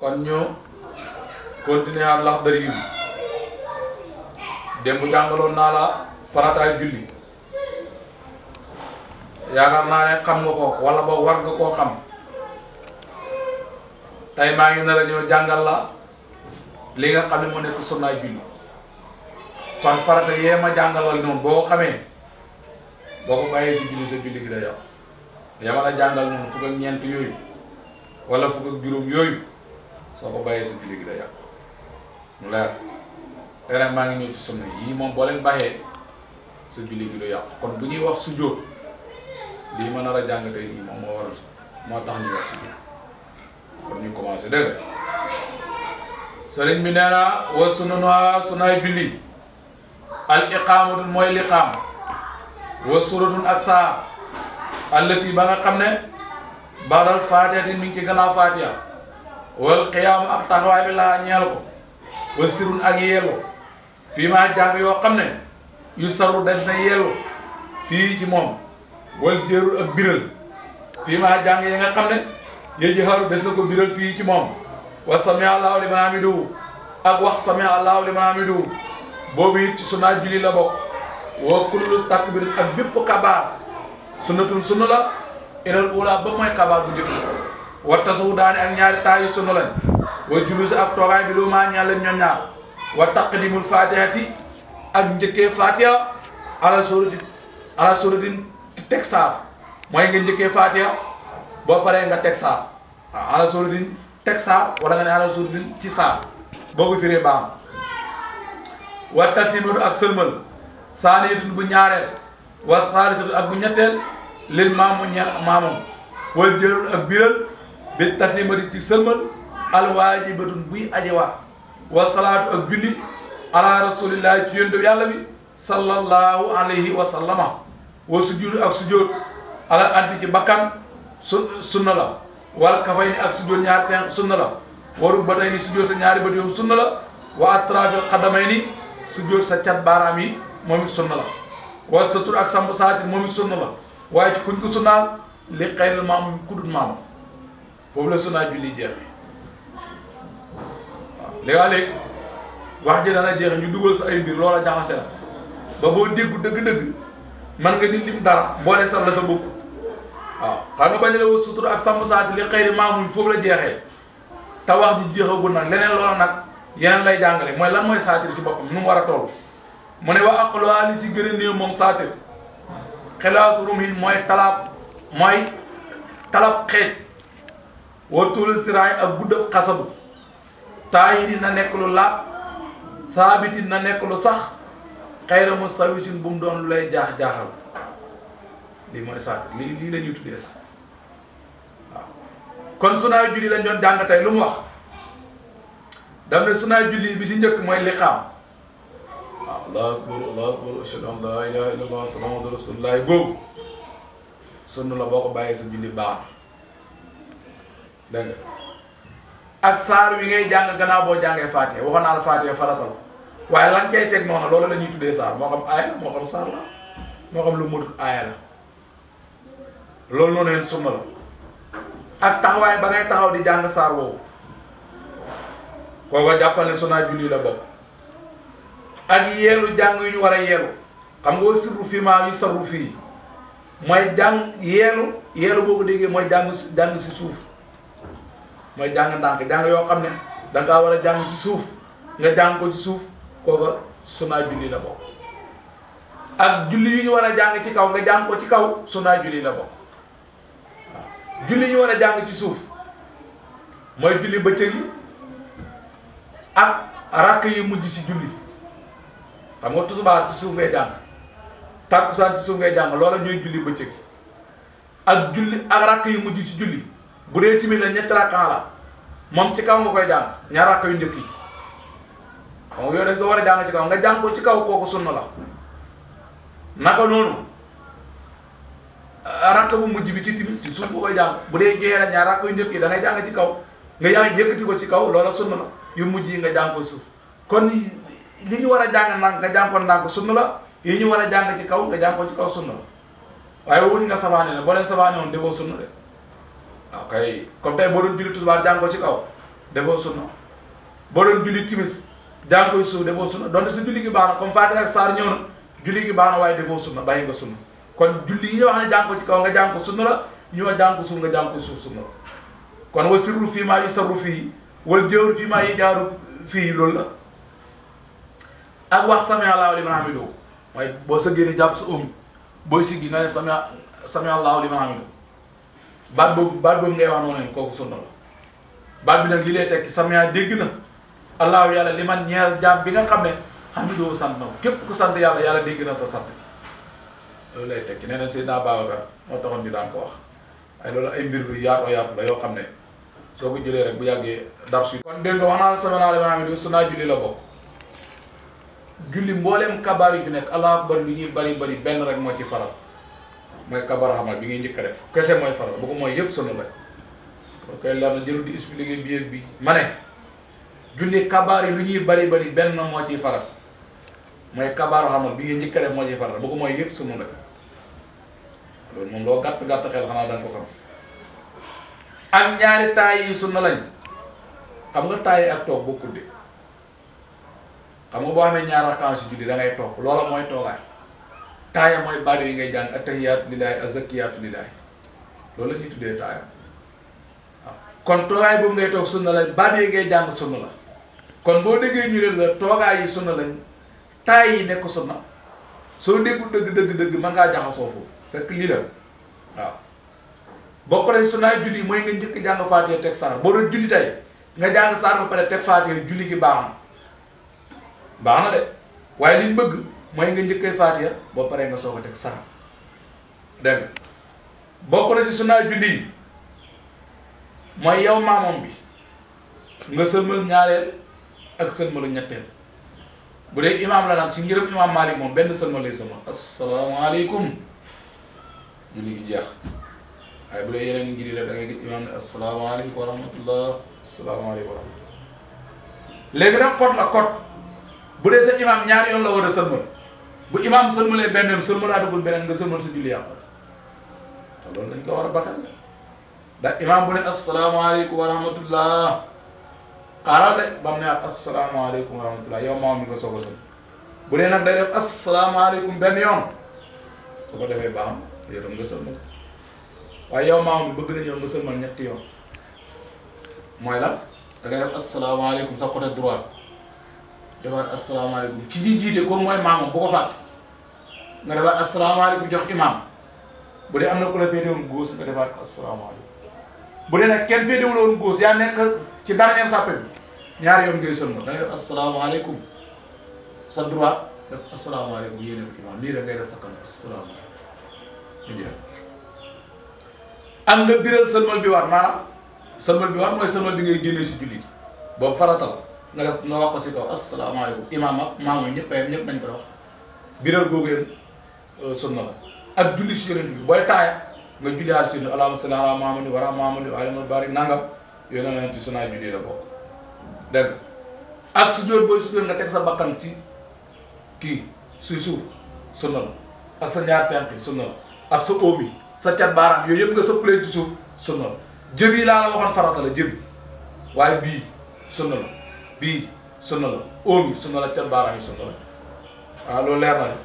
kon ñu continuer am dari yu dem bu nala naa la ya julli yaakaar naa ne xam nga ko wala ba war nga koo xam tey maa ngi nar a ñëw jàngal la li nga xam ne moo nekk sunnaay julli kon farata yee ma jàngalal noonu boo xamee boo ko bàyyee si julli sa julli gi day yàqu yama la jàngal noonu fukk ak ñeent yooyu wala fukk ak juróom yooyu soko baye bàyyee sa julli gi da yak mu leer era ma ngi ñu ci sunna yi moom bo leen bàyyee sa julli gi do yak kon bu ñuy wax sujjóot li ma nar a jàng tey nii mo moo waral moo tax ñu wax sujjóot kon ñu commencé deug serigne bi nee na wa sunanuha sunay julli al iqamatu moy liqam wa suratun ak allati ba nga xamne ba dal fatiha min ci gannaaw fatiha wal xiyaam ak taxawaay bi laa ñeel wa sirun ak yeelu fii maa jàng yoo xam ne yu saru des na yeelu fii ci moom wal jéerul ak biral fii maa jàng yi nga xam ne yéji xaaru des na ko biral fii ci moom wa sami allahu liman hamidu ak wax sami allahu liman hamidu boobu it ci sunna julli la bokk wa kullu takbir ak bépp kabaar sunnatun sunna la inal ula ba mooy kabaar bu njëkk watta suwu daani ak ñaari taay yu sunu wa julus ak toogaay bi lu maa ñaar leen ñoom ñaar wa taqdimul fatihati ak njëkkee fatiha ala surati ala mooy nga njëkkee fatiha boo nga teg saar waaw ala surati nga ne ala surati ci saar boo ko firee baax na wa taslimatu ak sëlmal saaniyatun bu ñaareel wa saalisatu ak bu ñetteel lil maamu ñeel maamam wal jërul ak biral bi taslimati ci sëlmal alwaajibatun buy aje war wa salaatu ak julli ala rasulillahi ci yonent yàlla bi sallallahu alayhi wa sallama wa ak sujud ala anti ci bakkan sunna la wal kafay ni ak sujud ñaar ten sunna la wa rukbatay ni sujud sa ñaari bët yoom sunna la wa atrafil xadamay ni sujud sa cat baaraam yi moom it sunna la wa satur ci kuñ ko sunnaal li xëy na maam ku dul foofu la sunna julli jeex waaw léeg wax ji dana jeex ñu dugal sa ay mbir loola jaxase la ba boo déggu dëgg-dëgg man nga di lim dara boole ne sax la sa bopp waaw xam nga ba la woo sutura ak sàmm saati li xëy na maamuñ foofu la jeexee te wax ji jeexagul nag leneen loola nag yeneen lay jàngale mooy lan mooy saatir ci boppam nu mu war a toll mu ne wa aqluhaa li si gën a néew moom saatir xilaasu rumin mooy talaab mooy talab xeej wa tuuli siraay ak guddab xasabu taahiri na nekk lu laab thaabiti na nekk lu sax xayra mu sawisin bu mu doon lu lay jaax jaaxal lii mooy saatir lii lii la tuddee saatir waaw kon sunaay julli lañ doon jàng tey lu mu wax dam ne sunaay julli bi si njëkk mooy liqaam waaw allahu akbar allahu laa ilaaha illallah salaamaaleykum rasulullah la boo ko bàyyee sa julli baax deng ak sar wi ngay jang gannaaw bo jangé faté waxoon naa la Fatiha faratal way lan kay teg noonu loolu la ñuy tuddee saar mo xam ay la mo xam sar la mo xam lu motul ay la loolu noonu leen la ak taxaway ba ngay taxaw di sar wo ko ko jappal ne sunna julli la bok ak yeelu jang yu ñu wara a xam nga sirru fi ma yu sarru fii jang jàng yelu yeelu boo ko déggee jang jàng si mooy jàng ndànk jàng yoo xam ne da ngaa war a jàng ci suuf nga jàng ko ci suuf kooka sunaa julli la bokk ak julli yu ñu war a jàng ci kaw nga jàng ci kaw sunaa julli la bokk waaw ñu war a jàng ci suuf mooy julli bëccëg yi ak rakk yi mujj ci julli xam nga tusubaar ci suuf ngay jàng tàkkusaan ci suuf ngay jàng loola ñooy julli bëccëg ak julli ak rakk yi mujj ci julli bu dee timit la ñetti rakka la moom ci kaw nga koy jàng ñaar rakka yu njëkk yi xam nga yow dañ ko war a jàng ci kaw nga jàng ci kaw kooku sunna la naka noonu ah, rakka bi ci timit ci suuf nga koy bu dee jeexee la ñaar rakka yu njëkk yi da ngay jàng ci kaw nga jàng yëkkati ko ci kaw loola sunna la yu mujj yi nga jàng ko suuf kon li ñu war a jàng ndànk nga jàng ko ndànk sunna la yi ñu war a jàng ci kaw nga jàng ko ci kaw sunna la waaye wuñ nga sabaane la boo leen sabaane woon déggoo sunna de waaw ah, kay comme tey boo doon julli tisbaar jàng ko ci kaw defoo sunna boo doon julli timis jàng koy suuf defoo sunna donte si julli gi baax na comme Faatiha ak saar ñëw na julli gi baax na waaye defoo sunna bàyyi nga sunna kon julli yi ñu wax ne jàng ko ci kaw nga jàng ko na la ñu wax jàng ko suuf nga jàng ko suuf sunna la kon wa sirru fii maa fii wal jawru fii maa jaaru fii loolu la ak wax sami Allahu liman hamidu mooy boo sëggee ni jàpp sa oom booy siggi baat boobu baat boobu ngay wax noonu leen kooku sunna la baat bi nag li lay tekki samia dégg na allahu yàlla li man ñeel jaam bi nga xam ne xamidoo sant na képp ku sant yàlla yàlla dégg na sa sant loolu lay tekki nee na Seydina Babacar moo taxoon ñu daan ko wax ay loolu ay mbir bi yaatoo yaatu la yoo xam ne soo ko jëlee rek bu yàggee dar su kon dégg nga wax naa la sama naa la maanaam sunna julli la bokk julli mbooleem kabaar yi fi nekk allahu akbar lu ñuy bari bari benn rek moy kabara xamal bi ngay njëkk def kesse moy faral bu ko moy yeb sunu la ok la na jëlu di expliqué biir bi mané julli kabar yi lu ñuy bari bari ben mo ci faral moy kabaaru xamal bi ngay njëkk def mo ci faral bu ko moy yeb sunu la lool moom lo gatt gatt xel xana danga ko xam ak ñaari tay yi sunu lañ xam nga tay yi ak tok bokku de xam nga bo xamé ñaara rakaa julli da ngay tok loolu moy togaay taaya mooy baat yi ngay jàng attahiyaatu lillahi azakiyaatu lillahi loolu la tuddee taaya waaw kon toogaay boobu ngay toog sunna la baat kon boo déggee ñu ne la toogaay yi lañ taay yi nekk soo déggu dëgg dëgg dëgg mën ngaa jaxasoo foofu fekk lii la waaw bokk nañ nga njëkk jàng faatiha teg saar boo doon julli tey nga jàng saar ba pare teg faatiha julli gi baax na baax na de waaye liñ bëgg moy nga njëkkee faatiya bo paree nga soko tek teg dem dégg na ci sunna julli moy yow mamam bi nga sëlmal ñaarel ak sëlmalu ñettel bu dee imam la nak ci ngirum imam malik mom benn sëlmal lay assalamu alaykum ñu gi jeex ay bu dee yeneen ngiri la da ngay gis imam assalamu alaykum wa rahmatullah alaykum wa rahmatullah léegi nak kot la kot bu dee sa imam ñaar yoon la wara a bu imaam sëlmalee benn sëlmalaatagul beneen nga sëlmal sa julli yàqu te loolu dañ ko war a baxal ndax imaam bu ne asalaamaaleykum wa rahmatullah xaaral de ba mu ne yow maam mi ko soog bu dee nag day def asalaamaaleykum benn yoon su ko defee baax na yow tam nga sëlmal waaye yow maam bëgg na nga sëlmal ñetti yoon mooy la da ngay def asalaamaaleykum sa côté droit. assalamu alaikum ki di jide ko moy mam bu ko fat nga assalamu alaikum jox imam bu de amna ko la fete won góos nga defaat assalamu alaikum bu de nak ken fete woon góos ya nek ci dernier sàppe bi ñaari yoon ngay sëlma da ngay assalamu alaikum sa droit assalamu alaikum yene ko imam lii da ngay def sa kanam asalaamaaleykum am nga biral sëlmal bi war maanaam sëlmal bi war mooy sëlmal bi ngay gene ci julli bo faratal nga def nga wax ko si kaw asalaamaaleykum imaam ak maamu ñëpp a ñëpp nañ ko wax biral googu yëpp euh, sunna la ak julli si yonent bi booy taaya nga julliwaat si ne allahumma salli ala Muhammadin wa ala Muhammadin wa ala barik nangam yooyu noonu lañ ci sunna julli la bokk dégg ak su ñëw booy su ñëw nga teg sa bakkan ci kii suy suuf sunna la ak sa ñaar tànk sunna la ak sa oom yi sa cat baaraam yooyu yëpp nga sëppalee ci suuf sunna la jëb yi laa la waxoon farata la jëb waaye bii sunna la. bii sunna la óom sunna la ca baaraam yi sunna la waaw loolu leer na de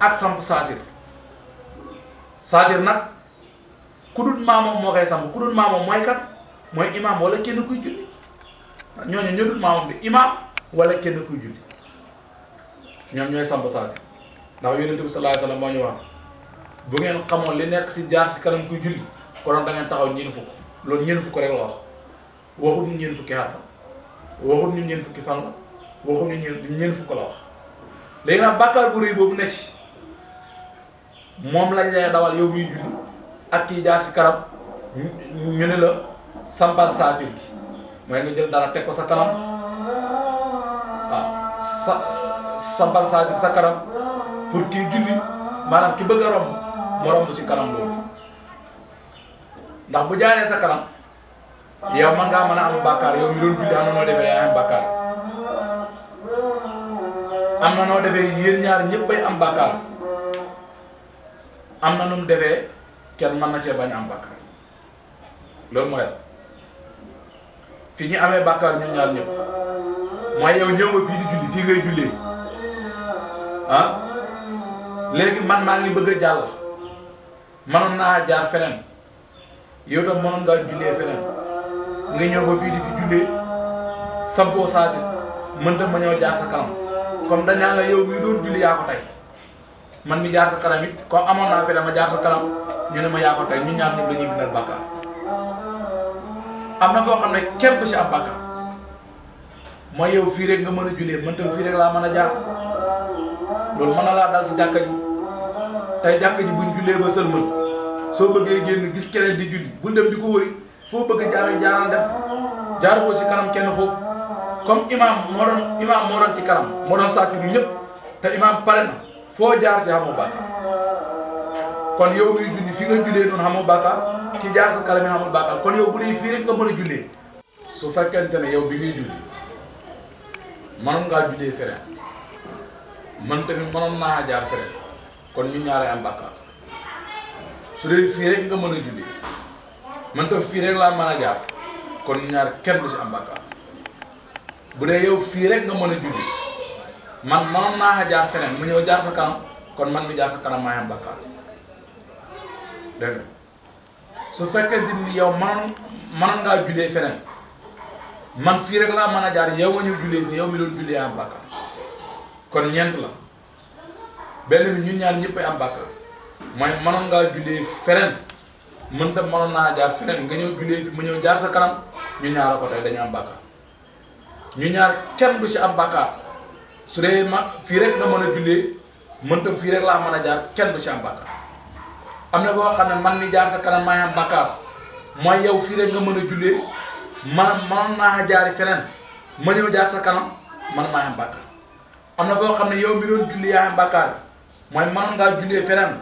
ak samp saatir saatir nag ku dul maamam moo koy samp ku dul maamam mooy kat mooy imaam wala kenn kuy julli ñooñu ñu kenn kuy julli ñoom ñooy samp saatir ndax yonente bi sallallahu alayhi wasallam moo ñu wax bu ngeen xamoon li nekk ci jaar ci kanam kuy julli konoon da ngeen taxaw ñeen fukk loolu ñeen fukk rek la wax waxut ñeen fukki xartam waxut ñu ñeent fukki fan la waxut ñu ñeent fukk léegi nag bàkkaar bu rëy boobu nekk moom lañ lay dawal yow miy julli ak kii jaar si kanam ñu ni la sampal saatir gi mooy nga jël dara teg ko sa kanam waaw sa sampal sa kanam pour kii julli maanaam ki bëgg a romb mu si kanam loolu ndax bu jaaree sa kanam. yow ya, man nga am bakkar yow mi doon julli am no defé am bakkar am na no defé yeen ñaar ñeppay am bakkar am na num defé kenn man na ci bañ am bakkar lo moy fi ñi amé bakkar ñu ñaar ñepp moy yow ñew ma fi di julli fi ngay julli han légui man ma ngi bëgg jall manon na jaar fenen yow ya, tam manon nga julli fenen nga ñëw ba fii di fi jullee sampoo saajut mënta ma ñëw jaar sa kanam comme dañaa la yow mi doon julli yaa ko tey man mi jaar sa kanam it comme amoon naa fi dama jaar sa kanam ñu ne ma yaa ko tey ñu ñaar ñëpp dañuy ñuy bindal bàkkaar am na foo xam ne kenn si ab bàkkaar mooy yow fii rek nga mën a man tam fii rek laa mën a jaar loolu mën na laa dal si jàkka ji tey jàkka ji buñ jullee ba sëlmal soo bëggee génn gis keneen di julli bul dem di ko wëri foo bëgg a jaar jaaral dem jaar ko ci kanam kenn foofu comme imam moo doon imam moo doon ci kanam moo ñëpp te imam pare na foo jaar di amoo bàkkaar kon yow muy julli fi nga jullee noonu xamoo bàkkaar ki jaar sa kanam yi bu dee fii rek nga mën a jullee su fekkente ne yow bi ngay julli mënoon ngaa jullee feneen man tamit mënoon naa jaar feneen kon ñu ñaaree am bàkkaar su dee nga mën a jullee man ko fi rek la mën a kon ñaar kenn du ci am bàkkaar bu dee yow fii rek nga mën a julli man mënoon naa xa jaar feneen mu ñëw jaar sa kanam kon man mi jaar sa kanam maay am bàkkaar dégg nga su fekkee ni yow mënoon mënoon ngaa jullee feneen man fii rek laa mën a jaar yow nga ñëw jullee ni yow mi doon jullee am bàkkaar kon ñent la benn bi ñun ñaar ñëppay am bàkkaar mooy mënoon ngaa jullee feneen mën da mënoon naa jaar feneen nga ñëw julee fi mu ñëw jaar sa kanam ñu ñaar ko tey dañu am bàkkaar ñu ñaar kenn du ci am bàkkaar su dee ma fii rek nga mën a julee mën ta fii rek laa mën a jaar kenn du ci am bàkkaar am na boo xam ne man mi jaar sa kanam maay am bàkkaar mooy yow fii rek nga mën a julee man mënoon naa jaari feneen ma ñëw jaar sa kanam man maay am bàkkaar am na foo xam ne yow mi doon julli yaa am bàkkaar mooy mënoon ngaa julee feneen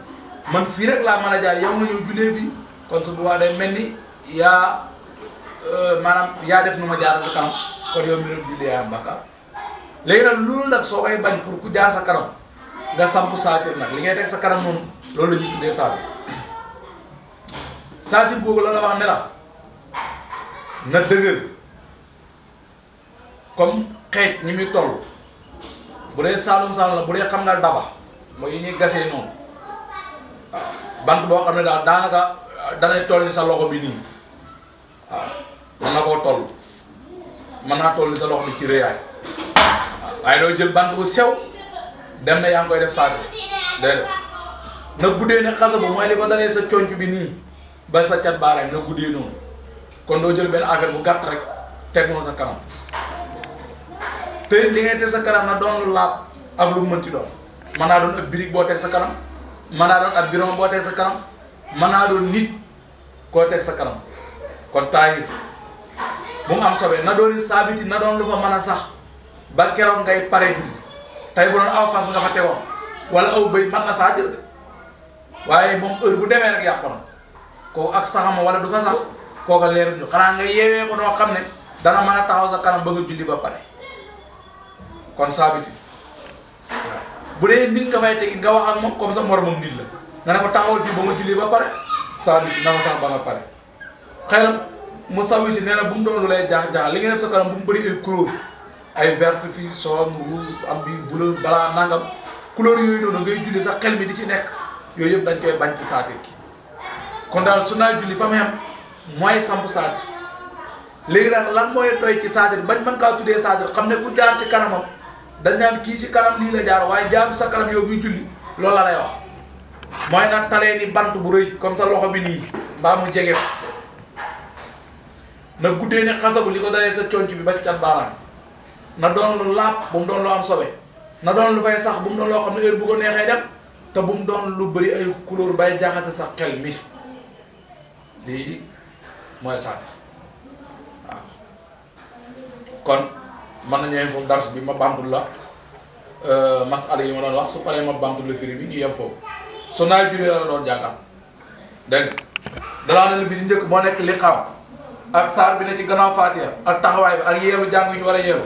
man fii rek laa mën a jaar yow nga ñëw julee fii kon su boobaa day mel ni yaa euh, maanaam yaa def nu ma jaar sa kanam kon yow mi doon julli yaa am bàkkaar léegi nag loolu nag soo koy bañ pour ku jaar sa kanam nga samp saatir nag li ngay teg sa kanam moom loolu la ñuy tuddee saatir boobu la la wax nela la na dëgër comme xeej ñi muy toll bu dee saalum saalum la bu dee xam nga daba mooy yi ñuy gasee noonu waaw boo xam ne daal daanaka. danay toll ni sa loxo bi nii waaw mën na koo toll mën naa toll ni sa loxo bi ci réyaay waaye doo jël bant bu sew dem na yaa ngi koy def saako déedéet na guddee ne xasa bu sa conc bi nii ba sa cat baaraam na guddee noonu kon doo jël benn affaire bu gàtt rek teg sa kanam te li ngay teg sa kanam na doon lu laab ak lu mënti doon mën naa doon ab birig boo teg sa kanam mën naa doon ab birom boo teg sa kanam. manado naa nit ko tek sa kanam kon tay bu am sobe na doon sabiti na doon lu fa mana sax ba keroog ngay pare dul tay bu doon aw fas nga fa tegoon wala aw bay mën na saa jël de waaye heure bu demee nak yakko na ak saxama wala du fa sax kooka leer ñu xana nga ko do xamné dana mana taxaw sa kanam ba julli ba pare kon sabiti bu dee min nga fay tegi nga wax ak mom comme sa mom nit la. nga ne ko taxawal fii ba ma julli ba pare saa bi na ko sax ba nga pare xëy mu sawi si nee bu mu doon lu lay jaax jaax li nga def sa kanam bu mu bëri ay couleur ay vert fii son rouge am bi bleu balaa nangam couleur yooyu noonu ngay julli sa xel mi di ci nekk yooyu yëpp dañ koy bañ ci saatir ki kon daal su naa julli fa mu xam mooy samp saatir léegi daal lan mooy doy ci saatir bañ mën kaa tuddee saatir xam ne ku jaar si kanamam dañ naan kii si kanam lii la jaar waaye jaaru sa kanam yow muy julli loolu la lay wax moy naan talé ni bant bu reuy comme sa loxo bi ni ba mu jégué na guddee ni xassabu liko dalé sa conc bi ba ci cat baram na don lu lap bu mu doon lu am sobé na don lu fay sax bu mu doon loo heure bu ko nexé dem té bu mu lu bari ay couleur bay jaxassé sa xel mi li moy sa kon man nañu yem dars bi ma bandul la euh, masala yi ma doon wax su paré ma bandul le firi bi ñu fofu sunnaay julli la doon jàngal dégg dalaa na ne bi si njëkk boo nekk li xam ak saar bi ne ci gannaaw faatiha ak taxawaay bi ak yeelu jàng yu ñu war a yeelu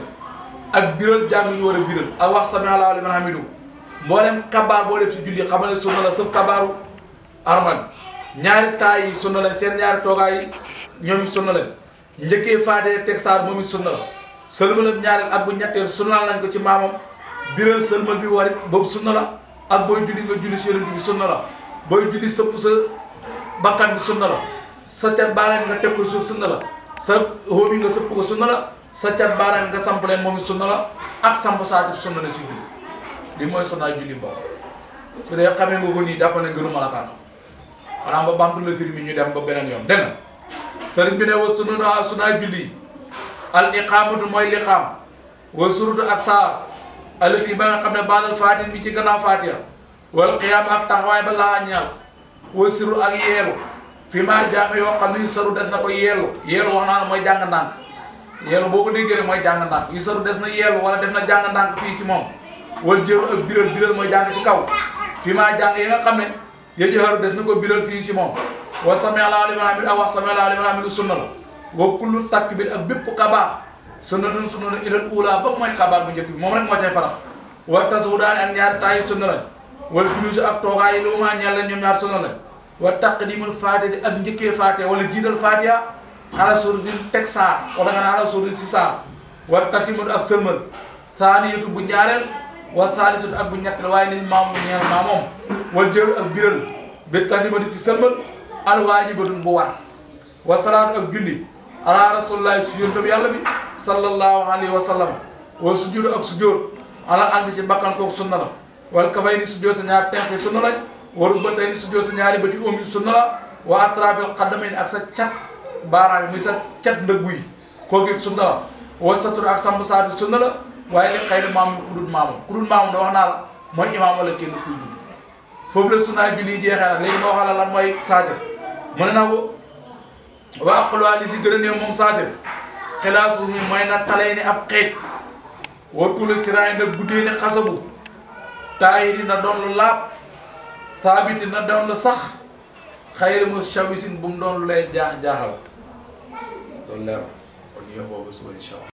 ak biral jàng yu ñu war a biral ak wax sami Allahu liman hamidu mboolem kabaar boo def si julli xamal ne sunna la sëf kabaaru yi sunna lañ seen ñaari toogaay yi ñoom it sunna lañ njëkkee faatee teg saar moom it sunna la sëlmalam ñaareel ak bu ñetteel sunna lañ ko ci maamam biral sëlmal bi warit boobu sunna la ak booy julli nga julli si yonent bi sunna la booy julli sëpp sa bakkan bi sunna la sa cat baaraam nga teg ko suuf sunna la sa hóomi nga sëpp ko sunna la sa cat baaraam nga samp leen moom sunna la ak samp saati sunna la si julli li mooy sunnaay julli mbokk su dee xamee nga ko nii dàppale ngënu malakaan xanaa ba bamtu la firi mi ñu dem ba beneen yoon dégg nga sëriñ bi ne wa sunna sunnaay julli al iqaamatu mooy liqaam wa surutu ak saar allati ba nga xam ne baadal fatin bi ci gannaaw fatiha wal qiyaam ak taxawaay ba laa ñaal wa siru ak yeelu fi maa jàng yoo xam ne yu saru des na ko yeelu yeelu wax naa mooy jàng ndànk boo ko déggee mooy jàng ndànk des na yeelu wala def na jàng ndànk fii ci moom wal jëru ak biral biral mooy jàng ci kaw fi maa jàng yi nga xam ne yéen joxeeru des na ko biral fii ci moom wa sami Allahu liman hamid ak wax sami Allahu liman hamid sunna la wa kullu takbir ak bépp kabaar sunnatun sunna ilal ula ba mooy xabaar bu njëkk bi moom rek moo cay faram wa tasudaani ak ñaar taayu sunna lañ wal juluus ak toogaay lu ma ñeel la ñoom ñaar sunna lañ wa taqdimul faatidi ak njëkkee faatiha wala jiital faatiha ala suratin teg saar wala nga ne ala suratin si saar wa tatimatu ak bu ñaareel wa thaalisatu ak bu ñetteel waaye nit maamu ñeel maa moom wal jëru ak biral bi tatimatu ci sërmal al waajibatun bu war wa salaatu ak ala rasulillahi ci yàlla bi sallallahu alayhi wa sallam wala sujjóot ak sujjóot ala ànd la wala ni sujjóot sa ñaar tenq yi sunna la waru ba tey ni sujjóot sa ñaari bët yi oom yi sunna la wa atrafil xaddamayn ak sa cat baaraam yi muy sa cat ndëggu yi kooku it sunna la wa satur ak sàmm saa bi sunna la waaye li xëy na maam ku dul maamu ku maamu da wax naa la mooy imaam wala kenn kuy julli foofu la sunnaay julli jeexee na léegi moo waxal la lan mooy saajal waa xulwaa li si gën a néew moom Sadio xilaasu mi may na talay ni ab xeej watula siraay na guddee ni xasabu taahiri na doon laab saabiti na doon lu sax xayri mu shawisin bu mu doon lay jaax jaaxal loolu leer kon yëpp boobu suba incha allah